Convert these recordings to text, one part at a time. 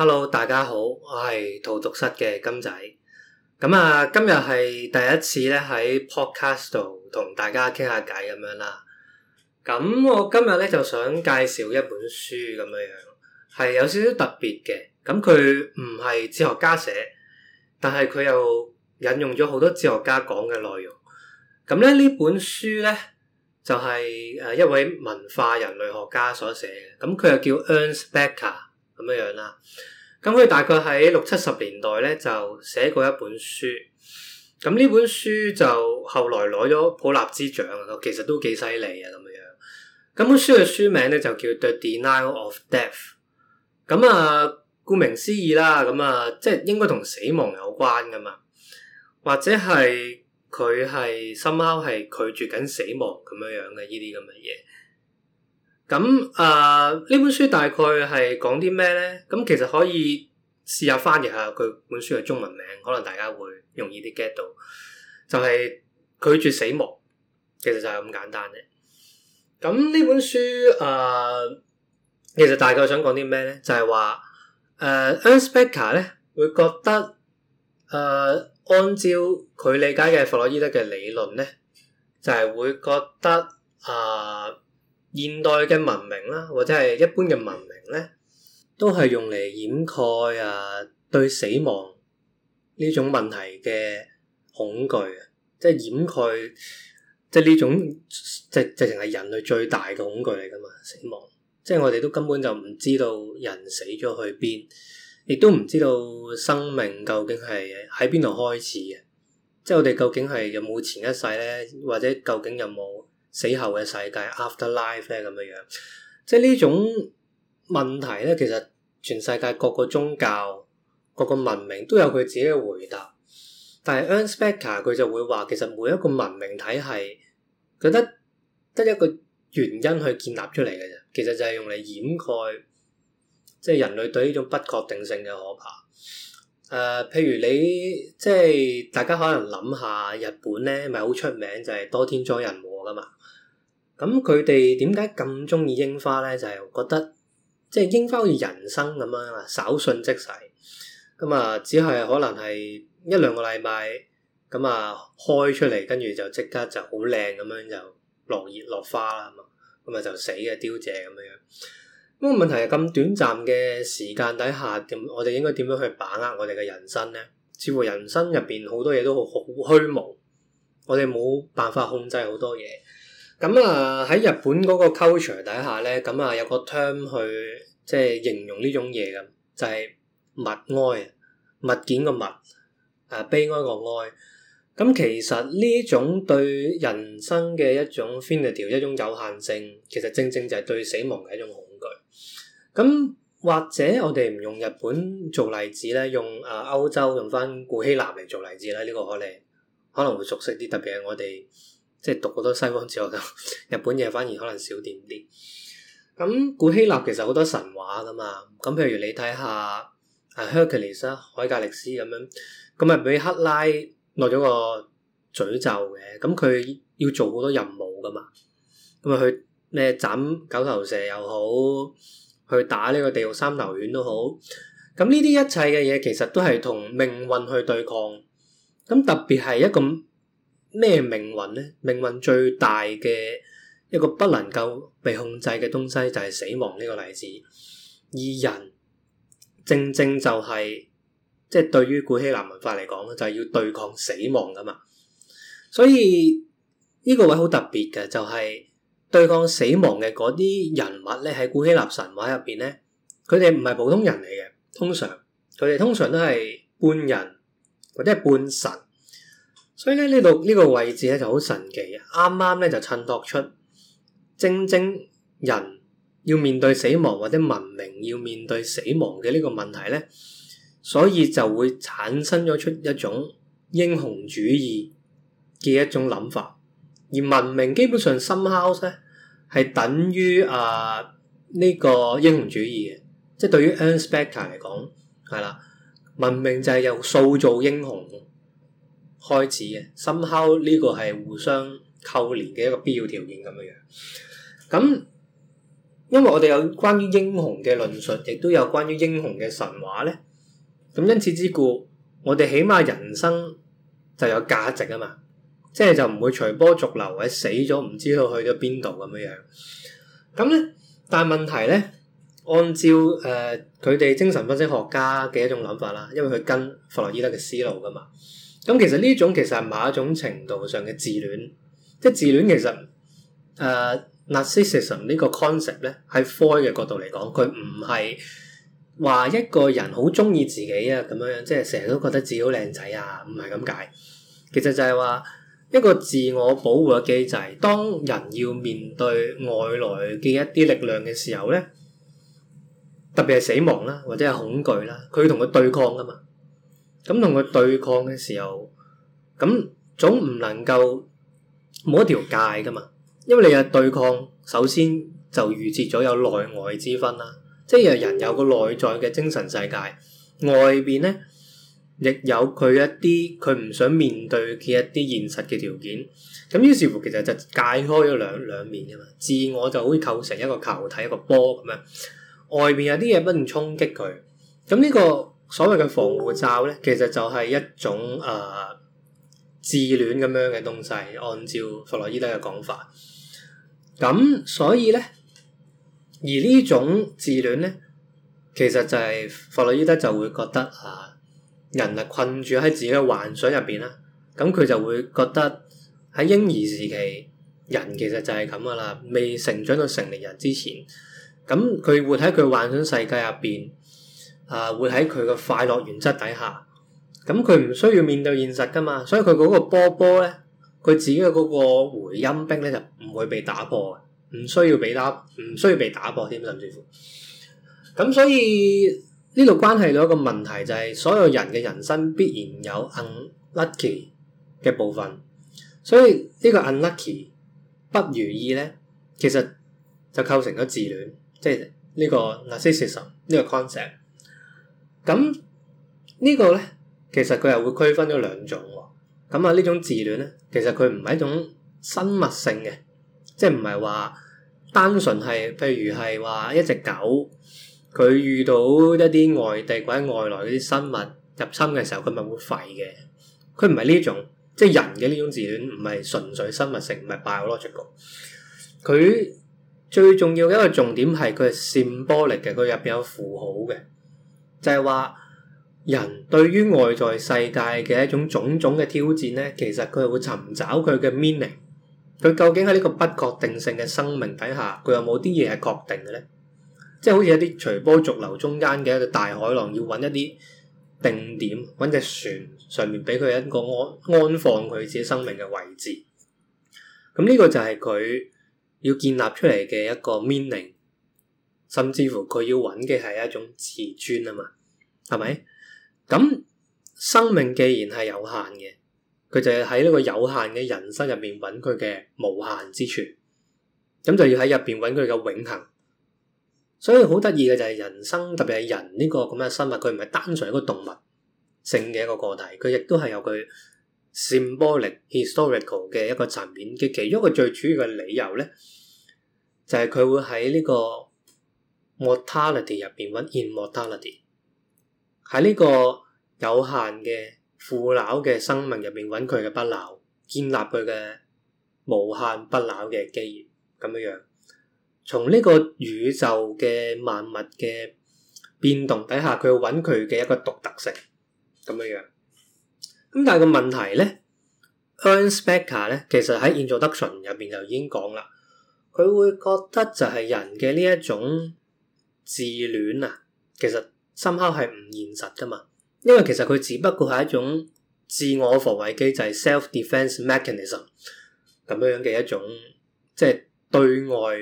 Hello，大家好，我係荼毒室嘅甘仔，咁啊，今日係第一次咧喺 podcast 度同大家傾下偈咁樣啦。咁我今日咧就想介紹一本書咁樣樣，係有少少特別嘅。咁佢唔係哲學家寫，但係佢又引用咗好多哲學家講嘅內容。咁咧呢本書咧就係誒一位文化人類學家所寫嘅，咁佢又叫 Ernest Becker 咁樣樣啦，咁佢大概喺六七十年代咧就寫過一本書，咁呢本書就後來攞咗普立茲獎，其實都幾犀利啊，咁樣樣。咁本書嘅書名咧就叫《The denial of death》，咁啊，顧名思義啦，咁啊，即係應該同死亡有關噶嘛，或者係佢係 somehow 係拒絕緊死亡咁樣樣嘅呢啲咁嘅嘢。咁啊，呢、嗯、本書大概係講啲咩咧？咁、嗯、其實可以試下翻譯下佢本書嘅中文名，可能大家會容易啲 get 到。就係、是、拒絕死亡，其實就係咁簡單嘅。咁、嗯、呢本書啊、呃，其實大概想講啲咩咧？就係、是、話，誒 Ernest Becker 咧會覺得，誒、呃，按照佢理解嘅弗洛伊德嘅理論咧，就係、是、會覺得啊。呃現代嘅文明啦，或者係一般嘅文明咧，都係用嚟掩蓋啊對死亡呢種問題嘅恐懼啊，即係掩蓋即係呢種即係直情係人類最大嘅恐懼嚟㗎嘛，死亡。即係我哋都根本就唔知道人死咗去邊，亦都唔知道生命究竟係喺邊度開始嘅。即係我哋究竟係有冇前一世咧，或者究竟有冇？死後嘅世界 afterlife 咧，咁樣樣，即係呢種問題咧，其實全世界各個宗教、各個文明都有佢自己嘅回答。但係 Ernest Becker 佢就會話，其實每一個文明體系，佢得得一個原因去建立出嚟嘅啫。其實就係用嚟掩蓋，即係人類對呢種不確定性嘅可怕。誒、呃，譬如你即係大家可能諗下，日本咧咪好出名就係、是、多天災人禍噶嘛。咁佢哋點解咁中意櫻花咧？就係、是、覺得即係、就是、櫻花好似人生咁樣啊，稍縱即逝。咁啊，只係可能係一兩個禮拜，咁啊開出嚟，跟住就即刻就好靚咁樣就落葉落花啦嘛，咁啊就死嘅凋謝咁樣。咁個問題係咁短暫嘅時間底下，我哋應該點樣去把握我哋嘅人生咧？似乎人生入邊好多嘢都好虛無，我哋冇辦法控制好多嘢。咁啊喺日本嗰個 culture 底下咧，咁啊有個 term 去即係形容呢種嘢嘅，就係、是、物哀，物件嘅物，啊悲哀個哀。咁其實呢種對人生嘅一種 finity，一種有限性，其實正正就係對死亡嘅一種恐懼。咁或者我哋唔用日本做例子咧，用啊歐洲用翻古希臘嚟做例子咧，呢、這個可能，可能會熟悉啲，特別係我哋。即係讀好多西方哲學嘅日本嘢反而可能少點啲。咁古希臘其實好多神話噶嘛，咁譬如你睇下 Hercules 啊，海格力斯咁樣，咁啊俾赫拉落咗個詛咒嘅，咁佢要做好多任務噶嘛。咁啊去咩斬九頭蛇又好，去打呢個地獄三頭犬都好。咁呢啲一切嘅嘢其實都係同命運去對抗。咁特別係一個。咩命運咧？命運最大嘅一個不能夠被控制嘅東西就係死亡呢個例子，而人正正就係即係對於古希臘文化嚟講咧，就係要對抗死亡噶嘛。所以呢個位好特別嘅，就係對抗死亡嘅嗰啲人物咧，喺古希臘神話入邊咧，佢哋唔係普通人嚟嘅，通常佢哋通常都係半人或者係半神。所以咧，呢度呢個位置咧就好神奇，啱啱咧就襯托出正正人要面對死亡或者文明要面對死亡嘅呢個問題咧，所以就會產生咗出一種英雄主義嘅一種諗法，而文明基本上 somehow 咧係等於啊呢個英雄主義嘅，即係對於 Ernest Becker 嚟講係啦，文明就係由塑造英雄開始嘅，深刻呢個係互相扣連嘅一個必要條件咁樣樣。咁因為我哋有關於英雄嘅論述，亦都有關於英雄嘅神話咧。咁因此之故，我哋起碼人生就有價值啊嘛！即係就唔會隨波逐流或者死咗唔知道去咗邊度咁樣樣。咁咧，但係問題咧，按照誒佢哋精神分析學家嘅一種諗法啦，因為佢跟弗洛伊德嘅思路㗎嘛。咁其實呢種其實係某一種程度上嘅自戀，即係自戀其實誒、uh, narcissism 呢個 concept 咧，喺科嘅角度嚟講，佢唔係話一個人好中意自己啊咁樣樣，即係成日都覺得自己好靚仔啊，唔係咁解。其實就係話一個自我保護嘅機制，當人要面對外來嘅一啲力量嘅時候咧，特別係死亡啦、啊，或者係恐懼啦、啊，佢同佢對抗噶嘛。咁同佢對抗嘅時候，咁總唔能夠冇一條界噶嘛？因為你嘅對抗，首先就預設咗有內外之分啦。即係人有個內在嘅精神世界，外邊咧亦有佢一啲佢唔想面對嘅一啲現實嘅條件。咁於是乎，其實就解開咗兩兩面噶嘛。自我就好似構成一個球體、一個波咁樣，外邊有啲嘢不斷衝擊佢。咁呢、呢個，所謂嘅防護罩咧，其實就係一種誒自戀咁樣嘅東西。按照弗洛伊德嘅講法，咁所以咧，而種呢種自戀咧，其實就係弗洛伊德就會覺得啊，人啊困住喺自己嘅幻想入邊啦。咁佢就會覺得喺嬰兒時期，人其實就係咁噶啦，未成長到成年人之前，咁佢活喺佢幻想世界入邊。啊！會喺佢嘅快樂原則底下，咁佢唔需要面對現實噶嘛，所以佢嗰個波波咧，佢自己嘅嗰個回音壁咧就唔會被打破嘅，唔需要被打，唔需要被打破添，甚至乎。咁所以呢度關係到一個問題，就係，就係所有人嘅人生必然有 unlucky 嘅部分，所以呢個 unlucky 不如意咧，其實就構成咗自戀，即係呢個 narcissism 呢個 concept。咁呢個咧，其實佢又會區分咗兩種喎。咁啊，呢種自戀咧，其實佢唔係一種生物性嘅，即係唔係話單純係，譬如係話一隻狗，佢遇到一啲外地或者外來嗰啲生物入侵嘅時候，佢咪會吠嘅。佢唔係呢種，即係人嘅呢種自戀，唔係純粹生物性，唔係 biological。佢最重要一個重點係佢係 symbolic 嘅，佢入邊有符號嘅。就係話，人對於外在世界嘅一種種種嘅挑戰咧，其實佢會尋找佢嘅 meaning。佢究竟喺呢個不確定性嘅生命底下，佢有冇啲嘢係確定嘅咧？即係好似一啲隨波逐流中間嘅一個大海浪，要揾一啲定點，揾隻船上面俾佢一個安安放佢自己生命嘅位置。咁，嗯，呢個就係佢要建立出嚟嘅一個 meaning。甚至乎佢要揾嘅係一種自尊啊嘛，係咪？咁生命既然係有限嘅，佢就係喺呢個有限嘅人生入面揾佢嘅無限之處，咁就要喺入邊揾佢嘅永恆。所以好得意嘅就係人生，特別係人呢個咁嘅生物，佢唔係單純一個動物性嘅一個個體，佢亦都係有佢 symbolic historical 嘅一個層面嘅其中一個最主要嘅理由咧，就係佢會喺呢個 mortality 入邊揾 immortality，喺呢個有限嘅富朽嘅生命入邊揾佢嘅不朽，建立佢嘅無限不朽嘅基業咁樣樣。從呢個宇宙嘅萬物嘅變動底下，佢要揾佢嘅一個獨特性咁樣樣。咁但係個問題咧 e r n s p e c t e r 咧，其實喺 Introduction 入邊就已經講啦，佢會覺得就係人嘅呢一種，自戀啊，其實深刻係唔現實噶嘛，因為其實佢只不過係一種自我防衞機制 （self defense mechanism） 咁樣嘅一種，即係對外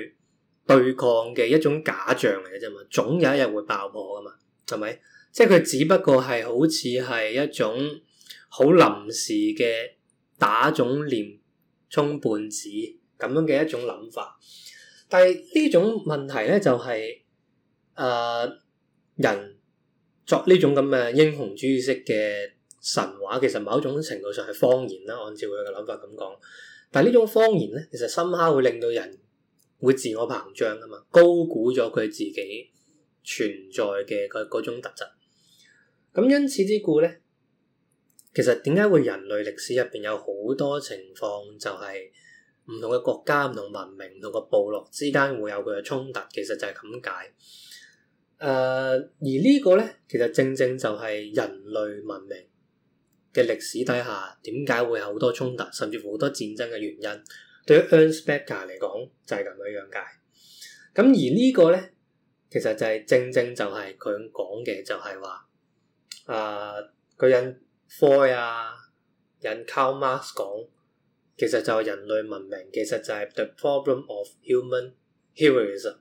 對抗嘅一種假象嚟嘅啫嘛，總有一日會爆破噶嘛，係咪？即係佢只不過係好似係一種好臨時嘅打腫臉充胖子咁樣嘅一種諗法，但係呢種問題咧就係、是。誒，uh, 人作呢種咁嘅英雄主義式嘅神話，其實某一種程度上係謊言啦。按照佢嘅諗法咁講，但係呢種謊言咧，其實深刻會令到人會自我膨脹啊嘛，高估咗佢自己存在嘅嗰嗰種特質。咁因此之故咧，其實點解會人類歷史入邊有好多情況，就係唔同嘅國家、唔同文明、唔同嘅部落之間會有佢嘅衝突，其實就係咁解。誒，uh, 而個呢個咧，其實正正就係人類文明嘅歷史底下，點解會有好多衝突，甚至乎好多戰爭嘅原因，對於 Ernest Becker 嚟講，就係、是、咁樣樣解。咁而個呢個咧，其實就係正正就係佢講嘅，就、uh, 係話誒，佢引 Foy 啊，引 Karl Marx 講，其實就係人類文明其實就係 The Problem of Human Heroism。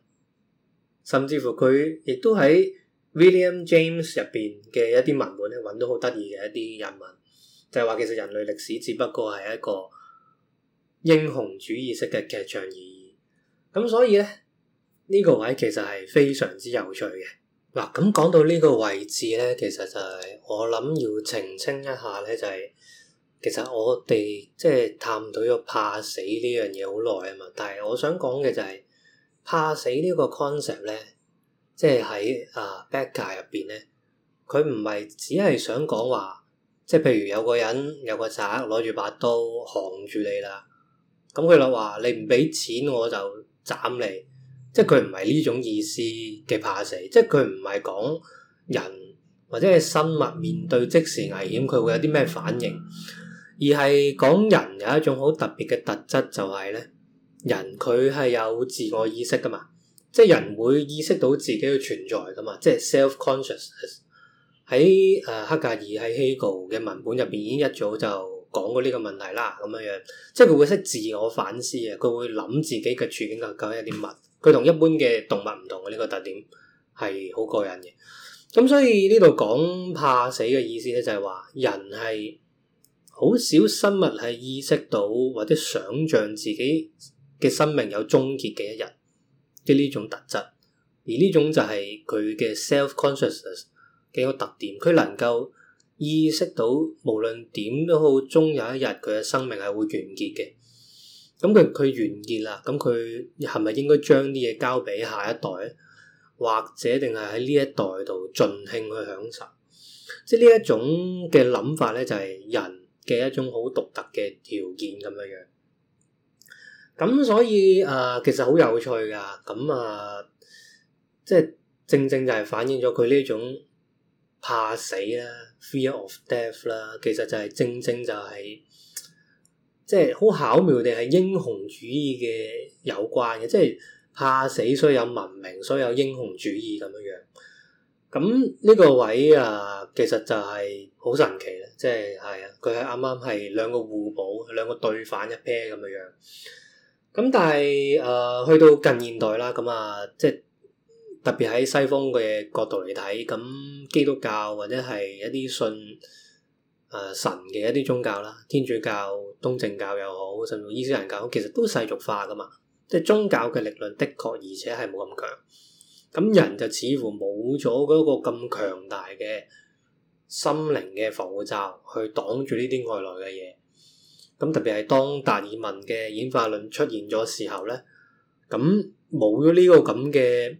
甚至乎佢亦都喺 William James 入邊嘅一啲文本咧，揾到好得意嘅一啲人物，就係話其實人類歷史只不過係一個英雄主義式嘅劇場而已。咁所以咧，呢個位其實係非常之有趣嘅。嗱，咁講到呢個位置咧，其實就係我諗要澄清一下咧，就係其實我哋即係探討咗怕死呢樣嘢好耐啊嘛，但係我想講嘅就係。怕死呢個 concept 咧，即係喺啊 back 架入邊呢，佢唔係只係想講話，即係譬如有個人，有個賊攞住把刀，行住你啦，咁佢話：你唔畀錢我就斬你。即係佢唔係呢種意思嘅怕死，即係佢唔係講人或者係生物面對即時危險佢會有啲咩反應，而係講人有一種好特別嘅特質就係、是、呢。人佢係有自我意識噶嘛？即係人會意識到自己嘅存在噶嘛？即係 self-consciousness 喺誒黑、呃、格爾喺 Heidegger 嘅文本入邊已經一早就講過呢個問題啦。咁樣樣，即係佢會識自我反思嘅，佢會諗自己嘅處境究竟有啲乜？佢同一般嘅動物唔同嘅呢、這個特點係好過人嘅。咁所以呢度講怕死嘅意思咧，就係話人係好少生物係意識到或者想像自己。嘅生命有終結嘅一日，即呢種特質，而呢種就係佢嘅 self consciousness 嘅一個特點，佢能夠意識到無論點都好，終有一日佢嘅生命係會完結嘅。咁佢佢完結啦，咁佢係咪應該將啲嘢交俾下一代咧？或者定係喺呢一代度盡興去享受？即係呢一種嘅諗法咧，就係人嘅一種好獨特嘅條件咁樣樣。咁、嗯、所以誒、呃，其實好有趣噶，咁、嗯、啊，即係正正就係反映咗佢呢種怕死啦，fear of death 啦，其實就係正正就係、是、即係好巧妙地係英雄主義嘅有關嘅，即係怕死所以有文明，所以有英雄主義咁樣樣。咁、嗯、呢、這個位啊、呃，其實就係好神奇啦，即係係啊，佢係啱啱係兩個互補，兩個對反一 pair 咁樣樣。咁、嗯、但係，誒、呃，去到近現代啦，咁、嗯、啊，即係特別喺西方嘅角度嚟睇，咁、嗯、基督教或者係一啲信，誒、呃、神嘅一啲宗教啦，天主教、東正教又好，甚至伊斯蘭教好，其實都世俗化噶嘛，即係宗教嘅力量，的確而且係冇咁強。咁、嗯、人就似乎冇咗嗰個咁強大嘅心靈嘅防護罩，去擋住呢啲外來嘅嘢。咁特別係當達爾文嘅演化論出現咗時候咧，咁冇咗呢個咁嘅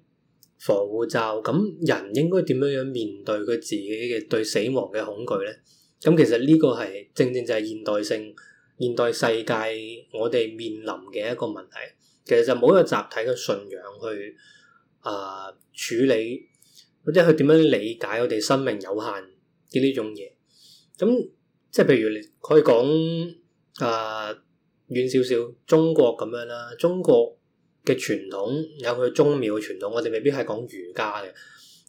防護罩，咁人應該點樣樣面對佢自己嘅對死亡嘅恐懼咧？咁其實呢個係正正就係現代性、現代世界我哋面臨嘅一個問題。其實就冇一個集體嘅信仰去啊、呃、處理，或者去點樣理解我哋生命有限嘅呢種嘢。咁即係譬如你可以講。啊，遠少少中國咁樣啦，中國嘅傳統有佢宗廟嘅傳統，我哋未必係講儒家嘅。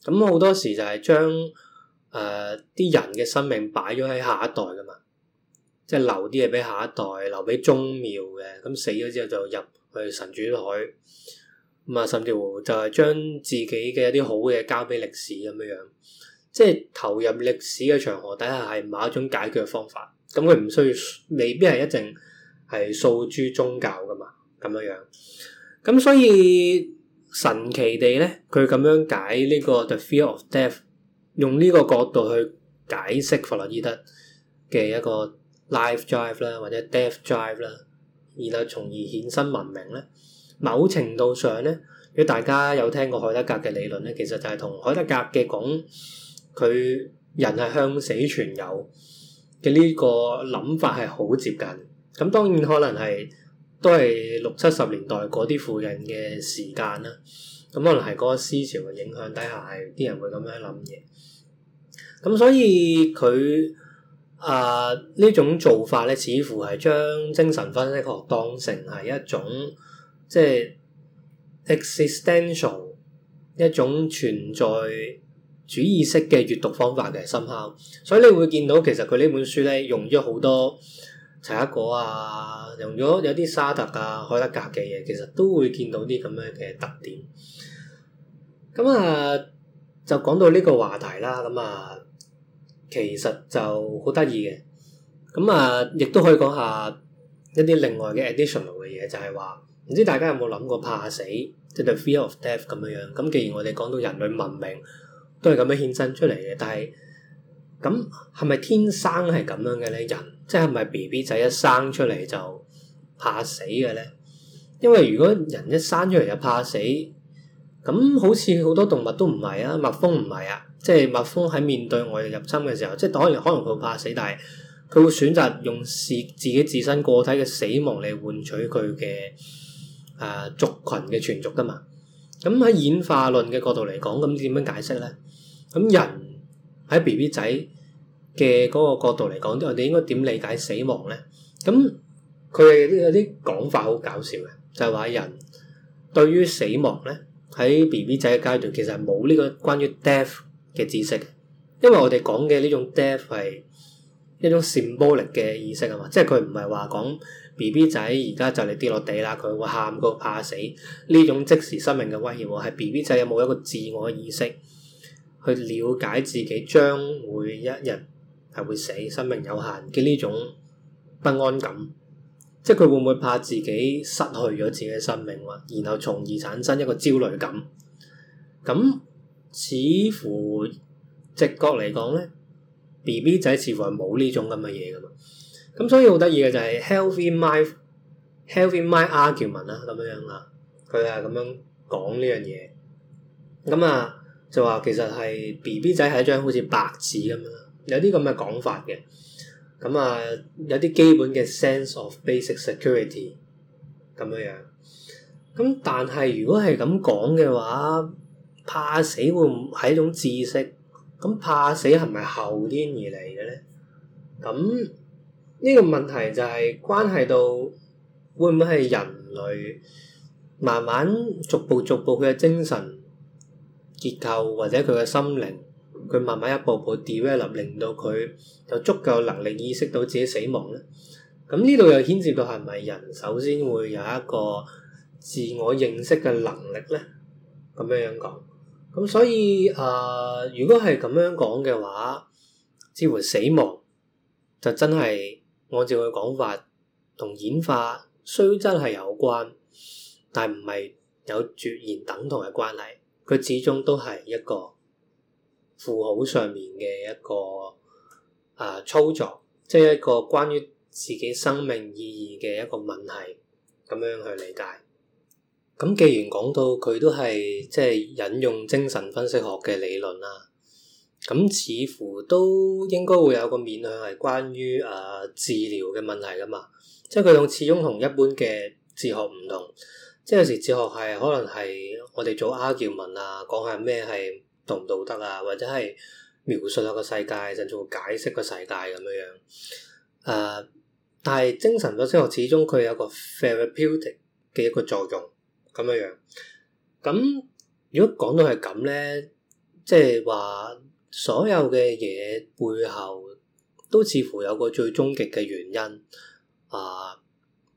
咁好多時就係將誒啲人嘅生命擺咗喺下一代噶嘛，即係留啲嘢俾下一代，留俾宗廟嘅。咁死咗之後就入去神主海，咁啊，甚至乎就係將自己嘅一啲好嘢交俾歷史咁樣樣，即係投入歷史嘅長河底下係某一種解決方法。咁佢唔需要，未必係一定係訴諸宗教㗎嘛，咁樣樣。咁所以神奇地咧，佢咁樣解呢個 the fear of death，用呢個角度去解釋弗洛伊德嘅一個 life drive 啦，或者 death drive 啦，然後從而衍生文明咧。某程度上咧，如果大家有聽過海德格嘅理論咧，其實就係同海德格嘅講，佢人係向死存有嘅呢個諗法係好接近，咁當然可能係都係六七十年代嗰啲附近嘅時間啦，咁可能係嗰個思潮嘅影響底下，係啲人會咁樣諗嘢。咁所以佢啊呢種做法咧，似乎係將精神分析學當成係一種即係 existential，一種存在主意識嘅閱讀方法嘅深刻，所以你會見到其實佢呢本書咧用咗好多齊克果啊，用咗有啲沙特啊、海德格嘅嘢，其實都會見到啲咁樣嘅特點。咁啊，就講到呢個話題啦。咁啊，其實就好得意嘅。咁啊，亦都可以講下一啲另外嘅 additional 嘅嘢，就係話唔知大家有冇諗過怕死，即係 the fear of death 咁樣樣。咁既然我哋講到人類文明。都係咁樣獻身出嚟嘅，但係咁係咪天生係咁樣嘅咧？人即係係咪 BB 仔一生出嚟就怕死嘅咧？因為如果人一生出嚟就怕死，咁好似好多動物都唔係啊，蜜蜂唔係啊，即係蜜蜂喺面對外敵入侵嘅時候，即係當然可能佢怕死，但係佢會選擇用是自己自身個體嘅死亡嚟換取佢嘅誒族群嘅存續噶嘛？咁喺演化論嘅角度嚟講，咁點樣解釋咧？咁人喺 B B 仔嘅嗰個角度嚟講，我哋應該點理解死亡咧？咁佢哋有啲講法好搞笑嘅，就係話人對於死亡咧，喺 B B 仔嘅階段其實冇呢個關於 death 嘅知識，因為我哋講嘅呢種 death 係一種 symbolic 嘅意識啊嘛，即係佢唔係話講 B B 仔而家就嚟跌落地啦，佢會喊過怕死呢種即時生命嘅威脅喎，係 B B 仔有冇一個自我意識？去了解自己將會一日係會死，生命有限，嘅呢種不安感，即係佢會唔會怕自己失去咗自己嘅生命喎？然後從而產生一個焦慮感。咁似乎直覺嚟講咧，BB 仔似乎係冇呢種咁嘅嘢噶嘛。咁所以好得意嘅就係 Healthy Mind，Healthy Mind argument 啦，咁樣啦，佢係咁樣講呢樣嘢。咁啊～就話其實係 BB 仔係一張好似白紙咁樣，有啲咁嘅講法嘅。咁啊，有啲基本嘅 sense of basic security 咁樣樣。咁但係如果係咁講嘅話，怕死會唔係一種知識？咁怕死係咪後天而嚟嘅咧？咁呢個問題就係關係到會唔會係人類慢慢逐步逐步佢嘅精神結構或者佢嘅心靈，佢慢慢一步步 develop，令到佢有足夠能力意識到自己死亡咧。咁呢度又牽涉到係咪人首先會有一個自我認識嘅能力咧？咁樣樣講，咁所以啊，如果係咁樣講嘅話，似乎死亡就真係按照佢講法同演化雖真係有關，但唔係有絕然等同嘅關係。佢始終都係一個符號上面嘅一個啊操作，即係一個關於自己生命意義嘅一個問題，咁樣去理解。咁既然講到佢都係即係引用精神分析學嘅理論啦，咁似乎都應該會有個面向係關於啊治療嘅問題㗎嘛，即係佢用始終同一般嘅哲學唔同。即係有時哲學係可能係我哋做 argument 啊，講下咩係道唔道德啊，或者係描述下個世界，甚至乎解釋個世界咁樣樣。誒、呃，但係精神咗哲學始終佢有個 therapeutic 嘅一個作用咁樣樣。咁如果講到係咁咧，即係話所有嘅嘢背後都似乎有個最終極嘅原因。啊、呃，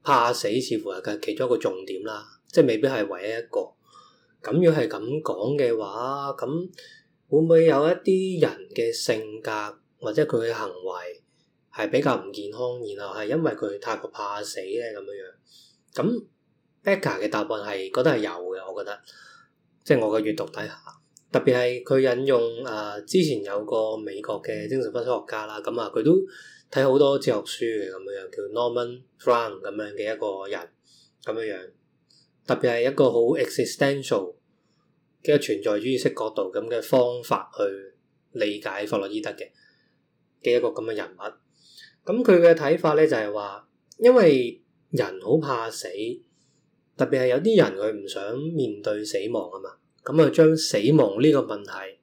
怕死似乎係其中一個重點啦。即係未必係唯一一個咁。若係咁講嘅話，咁會唔會有一啲人嘅性格或者佢嘅行為係比較唔健康，然後係因為佢太過怕死咧咁樣樣？咁 Becker 嘅答案係覺得係有嘅，我覺得即係我嘅閱讀底下，特別係佢引用誒、呃、之前有個美國嘅精神分析學家啦。咁啊，佢都睇好多哲學書嘅咁樣樣，叫 Norman Frank 咁樣嘅一個人咁樣樣。特別係一個好 existential 嘅存在主義式角度咁嘅方法去理解弗洛伊德嘅嘅一個咁嘅人物。咁佢嘅睇法咧就係話，因為人好怕死，特別係有啲人佢唔想面對死亡啊嘛。咁啊，將死亡呢個問題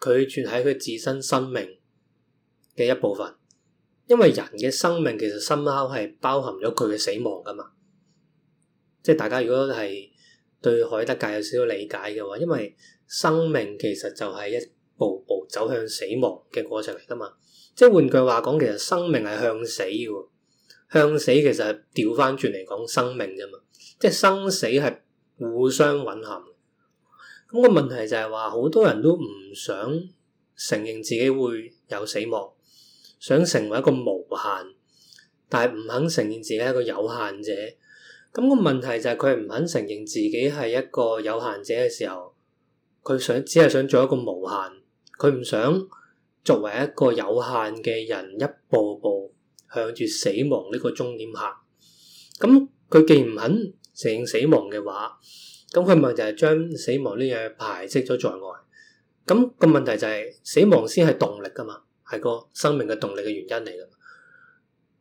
拒絕喺佢自身生命嘅一部分，因為人嘅生命其實深刻係包含咗佢嘅死亡噶嘛。即係大家如果係對海德格有少少理解嘅話，因為生命其實就係一步步走向死亡嘅過程嚟噶嘛。即係換句話講，其實生命係向死嘅，向死其實係調翻轉嚟講，生命啫嘛。即係生死係互相蘊含。咁個問題就係話，好多人都唔想承認自己會有死亡，想成為一個無限，但係唔肯承認自己係一個有限者。咁個問題就係佢唔肯承認自己係一個有限者嘅時候，佢想只係想做一個無限，佢唔想作為一個有限嘅人一步步向住死亡呢個終點行。咁佢既唔肯承認死亡嘅話，咁佢咪就係將死亡呢樣排斥咗在外。咁、那個問題就係死亡先係動力噶嘛，係個生命嘅動力嘅原因嚟噶，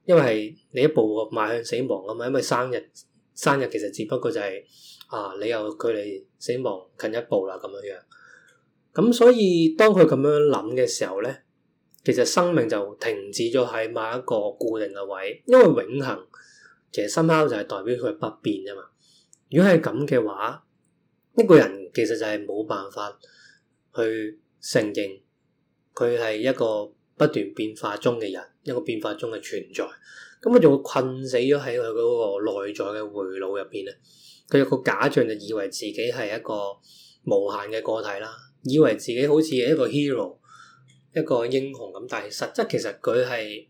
因為係你一步步邁向死亡啊嘛，因為生日。生日其實只不過就係、是、啊，你又距離死亡近一步啦咁樣樣。咁所以當佢咁樣諗嘅時候咧，其實生命就停止咗喺某一個固定嘅位，因為永恆其實深刻就係代表佢係不變吖嘛。如果係咁嘅話，一、一個人其實就係冇辦法去承認佢係一個不斷變化中嘅人，一個變化中嘅存在。咁佢就會困死咗喺佢嗰個內在嘅回路入邊咧。佢有個假象就以為自己係一個無限嘅個體啦，以為自己好似一個 hero，一個英雄咁。但係實質其實佢係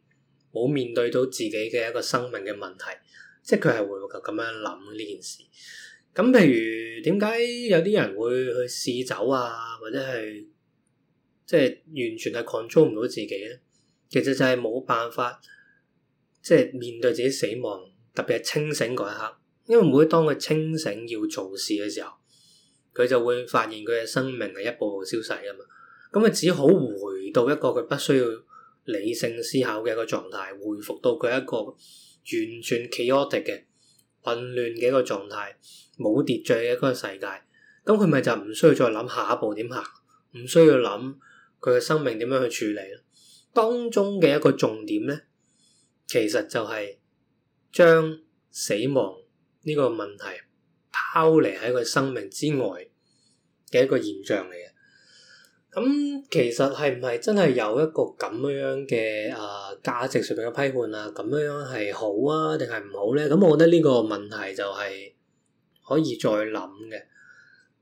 冇面對到自己嘅一個生命嘅問題，即係佢係會咁樣諗呢件事。咁譬如點解有啲人會去試酒啊，或者係即係完全係 control 唔到自己咧？其實就係冇辦法。即係面對自己死亡，特別係清醒嗰一刻，因為每當佢清醒要做事嘅時候，佢就會發現佢嘅生命係一步步消逝㗎嘛。咁佢只好回到一個佢不需要理性思考嘅一個狀態，回復到佢一個完全 chaotic 嘅混亂嘅一個狀態，冇秩序嘅一個世界。咁佢咪就唔需要再諗下一步點行，唔需要諗佢嘅生命點樣去處理。當中嘅一個重點呢。其實就係將死亡呢個問題拋離喺佢生命之外嘅一個現象嚟嘅。咁其實係唔係真係有一個咁樣嘅啊價值上面嘅批判啊？咁樣係好啊，定係唔好咧？咁我覺得呢個問題就係可以再諗嘅，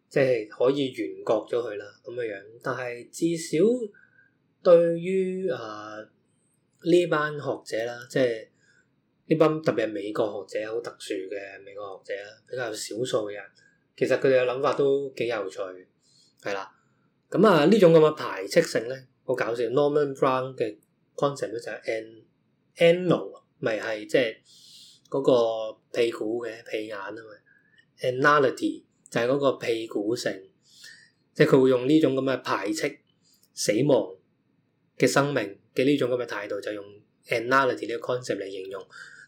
即係可以懸擱咗佢啦咁樣樣。但係至少對於啊～呢班學者啦，即係呢班特別係美國學者，好特殊嘅美國學者啦，比較少數嘅人。其實佢哋嘅諗法都幾有趣，係啦。咁啊，呢種咁嘅排斥性咧，好搞笑。Norman Brown 嘅 concept 咧就係 anal，咪係即係嗰個屁股嘅屁眼啊嘛。Anality 就係嗰個屁股性，即係佢會用呢種咁嘅排斥死亡嘅生命。嘅呢種咁嘅態度就用 anality 呢個 concept 嚟形容，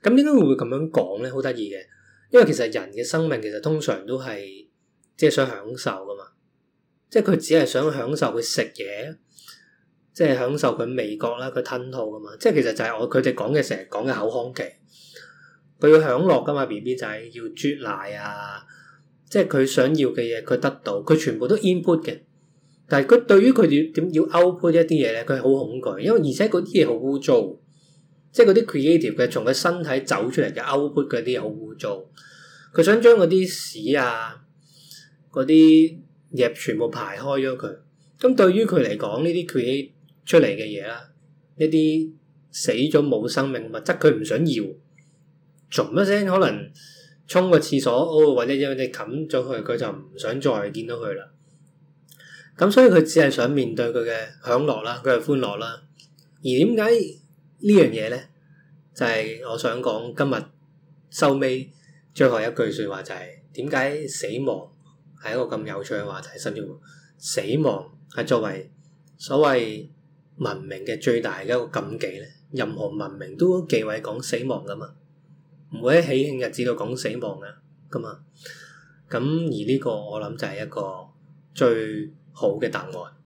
咁點解會會咁樣講咧？好得意嘅，因為其實人嘅生命其實通常都係即係想享受噶嘛，即係佢只係想享受佢食嘢，即係享受佢味覺啦，佢吞吐噶嘛，即係其實就係我佢哋講嘅成日講嘅口腔期，佢要享樂噶嘛，B B 仔要啜奶啊，即係佢想要嘅嘢佢得到，佢全部都 input 嘅。但係佢對於佢哋點要，要 output 一啲嘢咧，佢係好恐懼，因為而且嗰啲嘢好污糟，即係嗰啲 creative 嘅從佢身體走出嚟嘅 output 嗰啲嘢好污糟，佢想將嗰啲屎啊、嗰啲液全部排開咗佢。咁對於佢嚟講，呢啲 create 出嚟嘅嘢啦，一啲死咗冇生命物質，佢唔想要。噏一聲可能沖個廁所，哦、或者因為你冚咗佢，佢就唔想再見到佢啦。咁所以佢只係想面對佢嘅享樂啦，佢嘅歡樂啦。而點解呢樣嘢咧，就係、是、我想講今日收尾最後一句説話就係點解死亡係一個咁有趣嘅話題，甚至乎死亡係作為所謂文明嘅最大嘅一個禁忌咧。任何文明都忌諱講死亡噶嘛，唔會喺喜慶日子度講死亡嘅，噶嘛。咁而呢個我諗就係一個最好嘅答案。